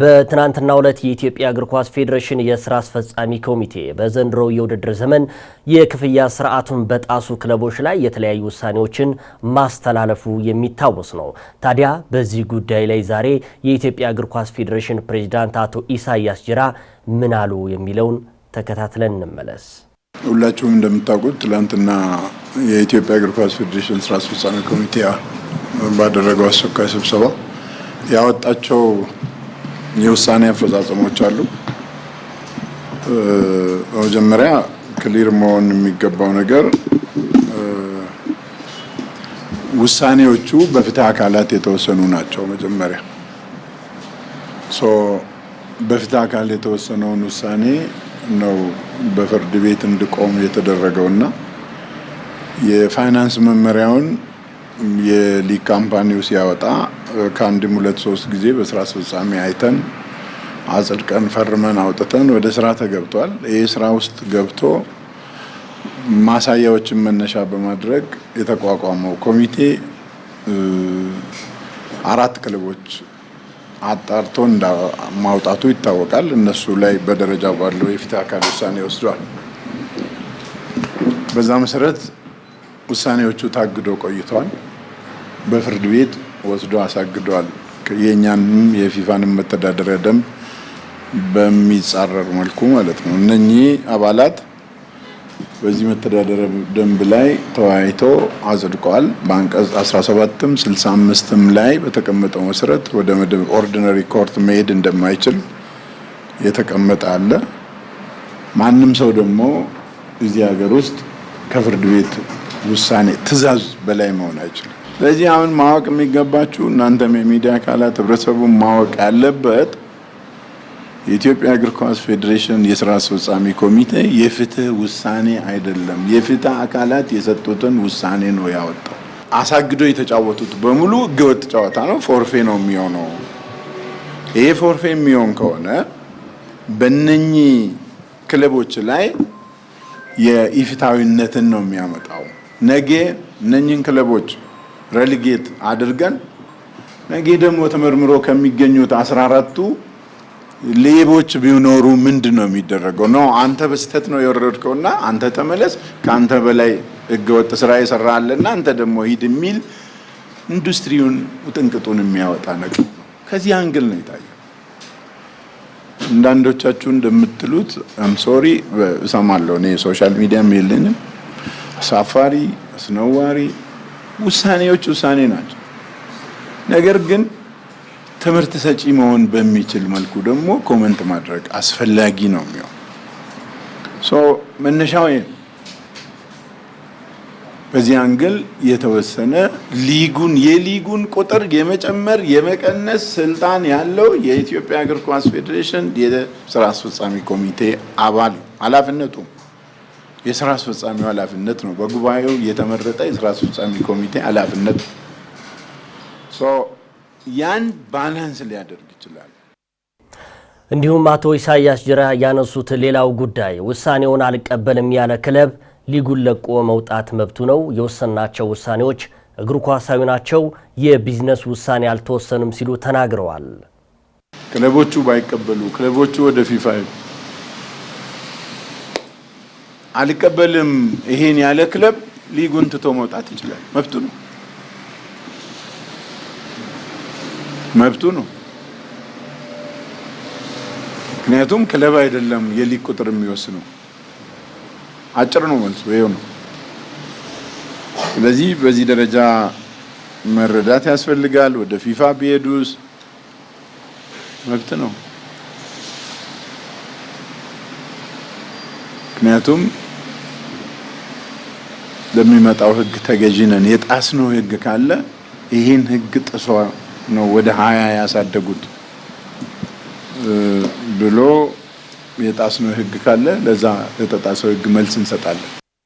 በትናንትና ዕለት የኢትዮጵያ እግር ኳስ ፌዴሬሽን የስራ አስፈጻሚ ኮሚቴ በዘንድሮ የውድድር ዘመን የክፍያ ስርዓቱን በጣሱ ክለቦች ላይ የተለያዩ ውሳኔዎችን ማስተላለፉ የሚታወስ ነው። ታዲያ በዚህ ጉዳይ ላይ ዛሬ የኢትዮጵያ እግር ኳስ ፌዴሬሽን ፕሬዚዳንት አቶ ኢሳያስ ጅራ ምን አሉ የሚለውን ተከታትለን እንመለስ። ሁላችሁም እንደምታውቁት ትናንትና የኢትዮጵያ እግር ኳስ ፌዴሬሽን ስራ አስፈጻሚ ኮሚቴ ባደረገው አስቸኳይ ስብሰባ ያወጣቸው የውሳኔ አፈጻጸሞች አሉ። በመጀመሪያ ክሊር መሆን የሚገባው ነገር ውሳኔዎቹ በፍትህ አካላት የተወሰኑ ናቸው። መጀመሪያ ሶ በፍትህ አካል የተወሰነውን ውሳኔ ነው በፍርድ ቤት እንዲቆም የተደረገውና የፋይናንስ መመሪያውን የሊግ ካምፓኒው ሲያወጣ ከአንድም ሁለት ሶስት ጊዜ በስራ አስፈጻሚ አይተን አጽድቀን ፈርመን አውጥተን ወደ ስራ ተገብቷል። ይህ ስራ ውስጥ ገብቶ ማሳያዎችን መነሻ በማድረግ የተቋቋመው ኮሚቴ አራት ክለቦች አጣርቶ ማውጣቱ ይታወቃል። እነሱ ላይ በደረጃ ባለው የፍትህ አካል ውሳኔ ወስዷል። በዛ መሰረት ውሳኔዎቹ ታግዶ ቆይተዋል። በፍርድ ቤት ወስዶ አሳግደዋል። የእኛንም የፊፋንም መተዳደሪያ ደንብ በሚጻረር መልኩ ማለት ነው። እነኚህ አባላት በዚህ መተዳደሪያ ደንብ ላይ ተወያይቶ አጽድቀዋል። በአንቀጽ 17ም 65ም ላይ በተቀመጠው መሰረት ወደ መደብ ኦርዲነሪ ኮርት መሄድ እንደማይችል የተቀመጠ አለ። ማንም ሰው ደግሞ እዚህ ሀገር ውስጥ ከፍርድ ቤት ውሳኔ ትእዛዝ በላይ መሆን አይችልም። ስለዚህ አሁን ማወቅ የሚገባችሁ እናንተም የሚዲያ አካላት ህብረተሰቡን ማወቅ ያለበት የኢትዮጵያ እግር ኳስ ፌዴሬሽን የስራ አስፈጻሚ ኮሚቴ የፍትህ ውሳኔ አይደለም። የፍትህ አካላት የሰጡትን ውሳኔ ነው ያወጣው። አሳግዶ የተጫወቱት በሙሉ ህገወጥ ጨዋታ ነው፣ ፎርፌ ነው የሚሆነው። ይሄ ፎርፌ የሚሆን ከሆነ በነኚህ ክለቦች ላይ የኢፍታዊነትን ነው የሚያመጣው። ነገ እነኝን ክለቦች ረልጌት አድርገን ነገ ደግሞ ተመርምሮ ከሚገኙት አስራ አራቱ ሌቦች ቢኖሩ ምንድን ነው የሚደረገው? ነው አንተ በስተት ነው የወረድከውና አንተ ተመለስ፣ ከአንተ በላይ ህገወጥ ስራ የሰራ አለና አንተ ደግሞ ሂድ የሚል ኢንዱስትሪውን ውጥንቅጡን የሚያወጣ ነገር ከዚህ አንግል ነው የታየው። አንዳንዶቻችሁ እንደምትሉት አም ሶሪ እሰማለሁ። እኔ ሶሻል ሚዲያም የለኝም። አሳፋሪ፣ አስነዋሪ ውሳኔዎች ውሳኔ ናቸው። ነገር ግን ትምህርት ሰጪ መሆን በሚችል መልኩ ደግሞ ኮመንት ማድረግ አስፈላጊ ነው የሚሆን መነሻው ይሄ በዚህ አንግል የተወሰነ ሊጉን የሊጉን ቁጥር የመጨመር የመቀነስ ስልጣን ያለው የኢትዮጵያ እግር ኳስ ፌዴሬሽን የስራ አስፈጻሚ ኮሚቴ አባል ኃላፊነቱ የስራ አስፈጻሚው ኃላፊነት ነው። በጉባኤው የተመረጠ የስራ አስፈጻሚ ኮሚቴ ኃላፊነት ያን ባላንስ ሊያደርግ ይችላል። እንዲሁም አቶ ኢሳያስ ጅራ ያነሱት ሌላው ጉዳይ ውሳኔውን አልቀበልም ያለ ክለብ ሊጉን ለቆ መውጣት መብቱ ነው። የወሰናቸው ውሳኔዎች እግር ኳሳዊ ናቸው። የቢዝነስ ውሳኔ አልተወሰንም ሲሉ ተናግረዋል። ክለቦቹ ባይቀበሉ ክለቦቹ ወደ ፊፋ አልቀበልም ይሄን ያለ ክለብ ሊጉን ትቶ መውጣት ይችላል። መብቱ ነው፣ መብቱ ነው። ምክንያቱም ክለብ አይደለም የሊግ ቁጥር የሚወስነው። አጭር ነው መልሱ፣ ይኸው ነው። ስለዚህ በዚህ ደረጃ መረዳት ያስፈልጋል። ወደ ፊፋ ቢሄዱስ መብት ነው። ምክንያቱም ለሚመጣው ህግ ተገዢ ነን። የጣስነው ህግ ካለ ይህን ህግ ጥሶ ነው ወደ ሀያ ያሳደጉት ብሎ የጣስነው ህግ ካለ ለዛ ለተጣሰው ህግ መልስ እንሰጣለን።